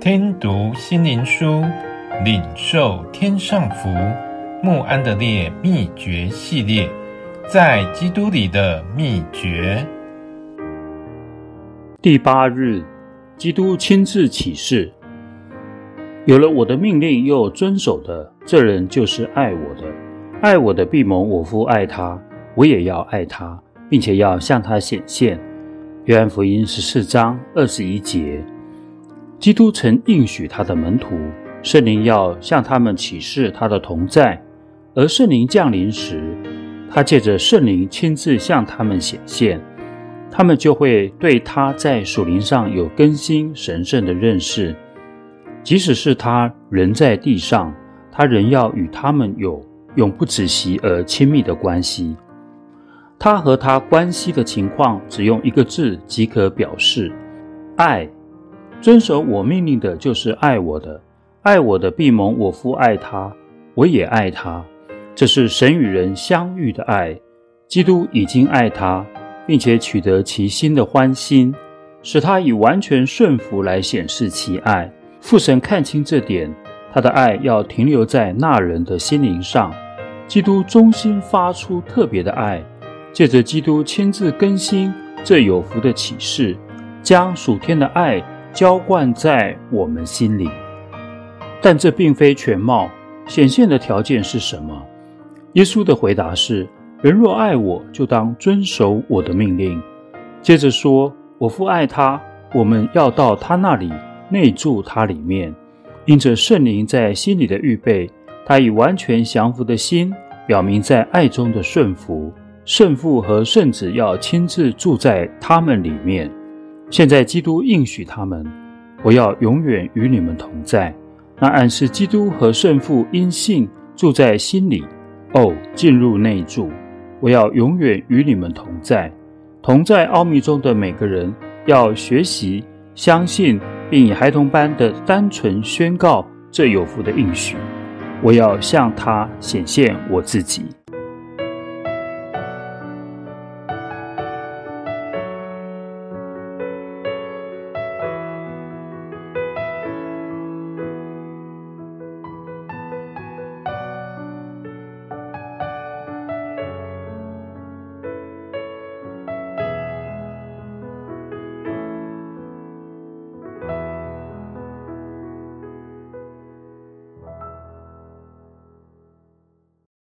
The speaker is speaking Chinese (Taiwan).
聽讀心靈書，領受天上福。慕安德烈秘訣系列，在基督裡的秘訣。第八日，基督親自啟示：有了我的命令又遵守的，這人就是愛我的。愛我的必蒙我父愛他，我也要愛他，並且要向他顯現。約翰福音十四章二十一節。基督曾應許他的門徒，聖靈要向他們啟示他的同在；而聖靈降臨時，他借着聖靈親自向他們顯現，他們就會對他在屬靈上有更新、神聖的認識。即使是他仍在地上，他仍要與他們有永不止息而親密的關係。他和他關係的情況，只用一個字即可表示：愛。遵守我命令的就是愛我的，愛我的必蒙我父愛他，我也愛他，這是神與人相遇的愛。基督已經愛他，並且取得其心的歡欣，使他以完全順服來顯示其愛。父神看清這點，他的愛要停留在那人的心靈上。基督衷心發出特別的愛，借着基督親自更新這有福的啟示，將屬天的愛。澆灌在我們心裡，但這並非全貌。顯現的條件是什麼？耶穌的回答是：“人若愛我，就當遵守我的命令。”接着說：“我父愛他，我們要到他那裡，內住他裡面。”因着聖靈在心裡的預備，他以完全降服的心，表明在愛中的順服。聖父和聖子要親自住在他們裡面。現在基督應許他們，我要永遠與你們同在。那暗示基督和聖父因信住在心裡。哦，進入內住，我要永遠與你們同在。同在奧秘中的每個人要學習相信，並以孩童般的單純宣告這有福的應許。我要向他顯現我自己。